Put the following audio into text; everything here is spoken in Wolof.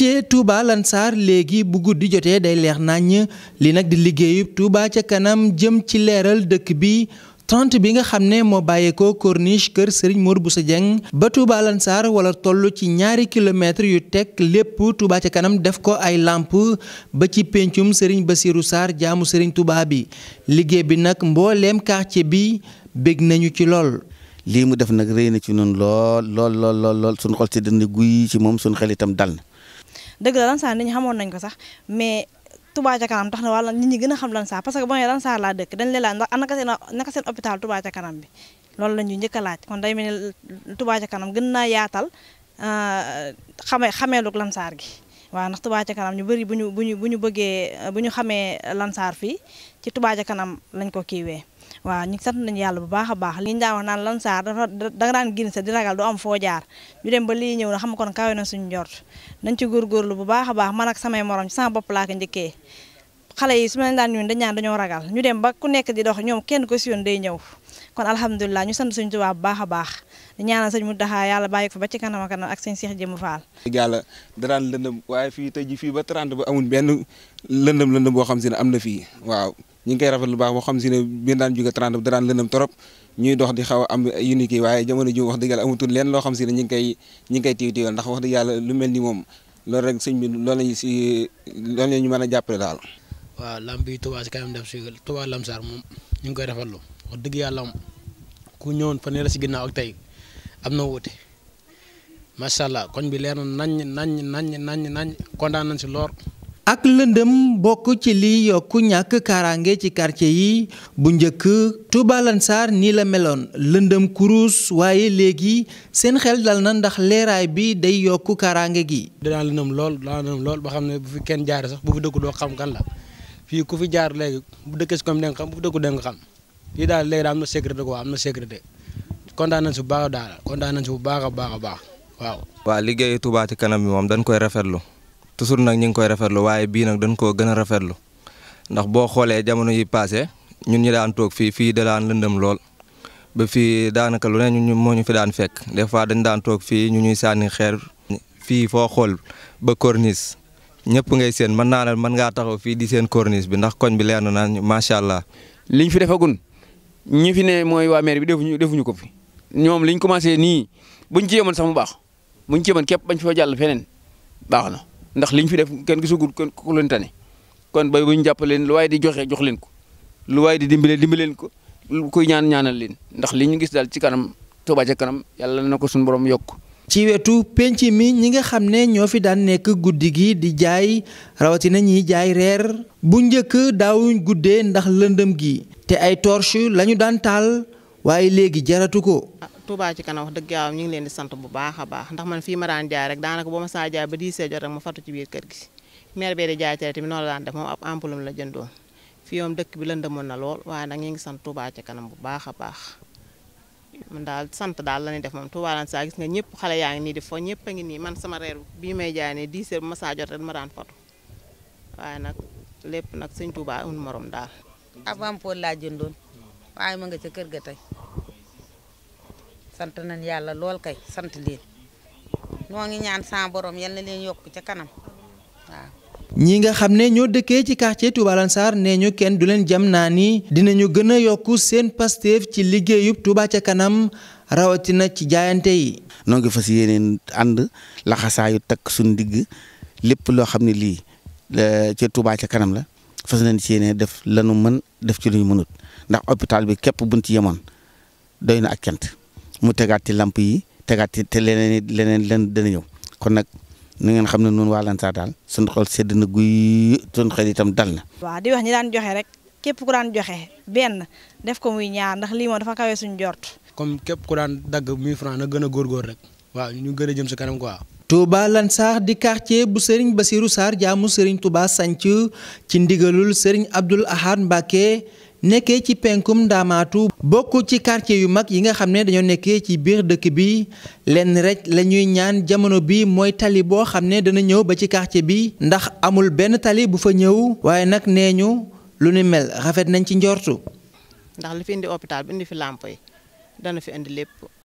ci Touba Lansar léegi bu guddi jotee day leex nàññ li nag di liggéeyub Touba ca kanam jëm ci leeral dëkk bi trente bi nga xam ne moo bàyyeekoo corniche kër Serigne Mor Bousso Dieng ba Touba saar wala toll ci ñaari kilomètre yu teg lépp Touba ca kanam def ko ay làmp ba ci péncum sëriñ Bassirou saar jaamu sëriñ Touba bi liggéey bi nag mbooleem quartier bi bég nañu ci lool. lii mu def nag rëy na ci noonu lool lool lool lool lool suñu xol si dënd guy ci moom suñu xel itam dëgg la Lansar nit ñi xamoon nañ ko sax mais Touba ca kanam tax na wala nit ñi gën a xam Lansar parce que boo nee Lansar laa dëkk dañ leen laaj ndax naka seen naka seen hôpital Touba ca kanam bi loolu lañu ñuy njëkk laaj kon day mel ni Touba ca kanam gën naa yaatal euh, xamee xameelug lansaar gi waa ndax Touba ca kanam ñu bëri bu ñu bu ñu bu ñu bëggee bu ñu xamee lansaar fii ci Touba kanam lañ ko kiiwee waaw ñu sant nañu yàlla bu baax a baax lii ñu naan Lansar dafa danga daan génn sa di ragal du am foo jaar ñu dem ba lii ñëw na xam kon kawe na suñu njort nañ ci góorgóorlu bu baax a baax man ak samay morom ci sama bopp laa ko njëkkee xale yi su ma leen daan ñëw dañu naan dañoo ragal ñu dem ba ku nekk di dox ñoom kenn ko si yoon day ñëw kon alhamdulilah ñu sant suñu Tuubaa bu baax a baax di ñaanal sëñ Mountakha yàlla bàyyi ko fa ba ci kanam ak kanam ak sëñ Cheikh Jëmu Fall yàlla daraan lëndëm waaye fii tey ji fii ba 30 ba amul benn lëndëm lëndëm boo xam si ne am na fii ñu ngi koy rafet lu baax boo xam si ne biir daan jóge 30 da daan lëndëm trop ñuy dox di xaw a am unique waaye jamono ji wax dëgg yàlla loo xam si ne ñu ngi koy ñu ngi koy tiw tiwal ndax wax lu mel ni moom loolu rek sëñ bi loolu lañu si loolu la ñu mën a jàppale daal waaw lamb yi Touba si kanam def si Touba Lamsar moom ñu ngi koy rafetlu wax dëgg yàlla ku ñëwoon fa ne la si ginnaaw ak tey am na wuute macha allah koñ bi leen na nañ nañ nañ nañ nañ kontaan nañ si loor ak lëndëm bokk ci li yokk ñàkk kaaraange ci quartier yi bu njëkk Touba Lansar nii la meloon lëndëm kurus waaye léegi seen xel dal na ndax leeraay bi day yokk kaaraange gi. danaa lëndëm lool danaa lëndëm lool ba xam ne bu fi kenn jaar sax bu fi dëkku doo xam kan la fii ku fi jaar léegi bu dëkkee si comme da xam bu fi dëkku da nga xam fii daal léegi daal am na sécurité quoi am na sécurité kontaan nañ si baax daal nañ si bu baax a baax a baax waaw. waa liggéeyu Touba ci kanam bi moom dañ koy rafetlu. toujours nag ñu ngi koy rafetlu waaye bii nag dañ koo gën a rafetlu ndax boo xoolee jamono yi passé ñun ñu daan toog fii fii da daan lëndëm lool ba fii daanaka lu ne ñu moo ñu fi daan fekk des fois dañ daan toog fii ñu ñuy sànni xeer fii foo xool ba corniche ñëpp ngay seen mën naa ne mën ngaa taxaw fii di seen corniche bi ndax koñ bi leer na naan macha allah. liñ fi defagun ñu fi ne mooy waa maire bi defuñu defuñu ko fi ñoom liñ commencé nii buñ ci yemoon sax mu baax buñ ci yemoon képp bañ foo jàll feneen baax na. ndax liñ fi def kenn gisagul kenn ku leen tane kon bay bu ñu jàppale lu waaye di joxe jox leen ko lu waaye di dimbale dimbale leen ko lu koy ñaan ñaanal leen ndax li ñu gis daal ci kanam Touba ca kanam yàlla na ko suñu boroom yokk. ci wetu pénc mi ñi nga xam ne ñoo fi daan nekk guddi gi di jaay rawatina ñi jaay reer bu njëkk daawuñ guddee ndax lëndëm gi te ay torche lañu daan taal waaye léegi jaratu ko Touba ci kanam wax dëgg yàlla ñu ngi leen di sant bu baax a baax ndax man fii ma daan jaay rek daanaka boo ma saa jaay ba diisee jot rek ma fatu ci biir kër gi maire bee di jaay tere tamit noonu la daan def moom ab ampoule la jëndoon fii moom dëkk bi lëndëmoon na lool waaye nag ñu ngi sant Touba ci kanam bu baax a baax man daal la ñuy def moom yaa ngi nii di fo ñëpp a ngi nii man sama reer bii may jaay ne diisee bu ma saa jot rek ma daan fatu waaye nag lépp nag sëñ Touba amul morom daal ab ampoule laa jëndoon waaye ma nga ca kër ga tey sant nañ yàlla lool kay sant leen ñoo ngi ñaan sa boroom yal na leen yokk ca kanam waaw. ñi nga xam ne ñoo dëkkee ci quartier Touba Lansar nee ñu kenn du leen jam naa ni dinañu gën a yokk seen pasteef ci liggéeyu Touba ca kanam rawatina ci jaayante yi. noo ngi fas yéeneen ànd laxasaayu takk suñu ndigg lépp loo xam ne lii ca Touba ca kanam la fas nañ ci yéeneen def lanu mën def ci lu ñu mënut ndax hôpital bi képp buñ ci yemoon doy na ak cant. mu tegaat ci lamp yi tegaat ci te leneen leneen leen dana ñëw kon nag na ngeen xam ne noonu waa Lansar daal sunu xol sedd na guy sunu itam dal na. waaw di wax ñi daan joxe rek képp ku daan joxe benn def ko muy ñaar ndax lii moom dafa kawee suñu jort. comme képp ku daan dagg 1000 francs na gën a góorgóor rek waaw ñu gën a jëm si kanam quoi. Touba Lansar di quartier bu Serigne Bassirou Sarr jaamu Serigne Touba sanc ci ndigalul Serigne Abdoul Ahad Mbacké. nekkee ci penkum ndaamaatu bokk ci quartier yu mag yi nga xam ne dañoo nekkee ci biir dëkk bi lenn rek la ñuy ñaan jamono bi mooy tali boo xam ne dana ñëw ba ci quartier bi ndax amul benn tali bu fa ñëw waaye nag nee ñu lu ne mel rafet nañ ci njortu. ndax li fi indi hôpital bi indi fi làmp yi dana fi indi lépp.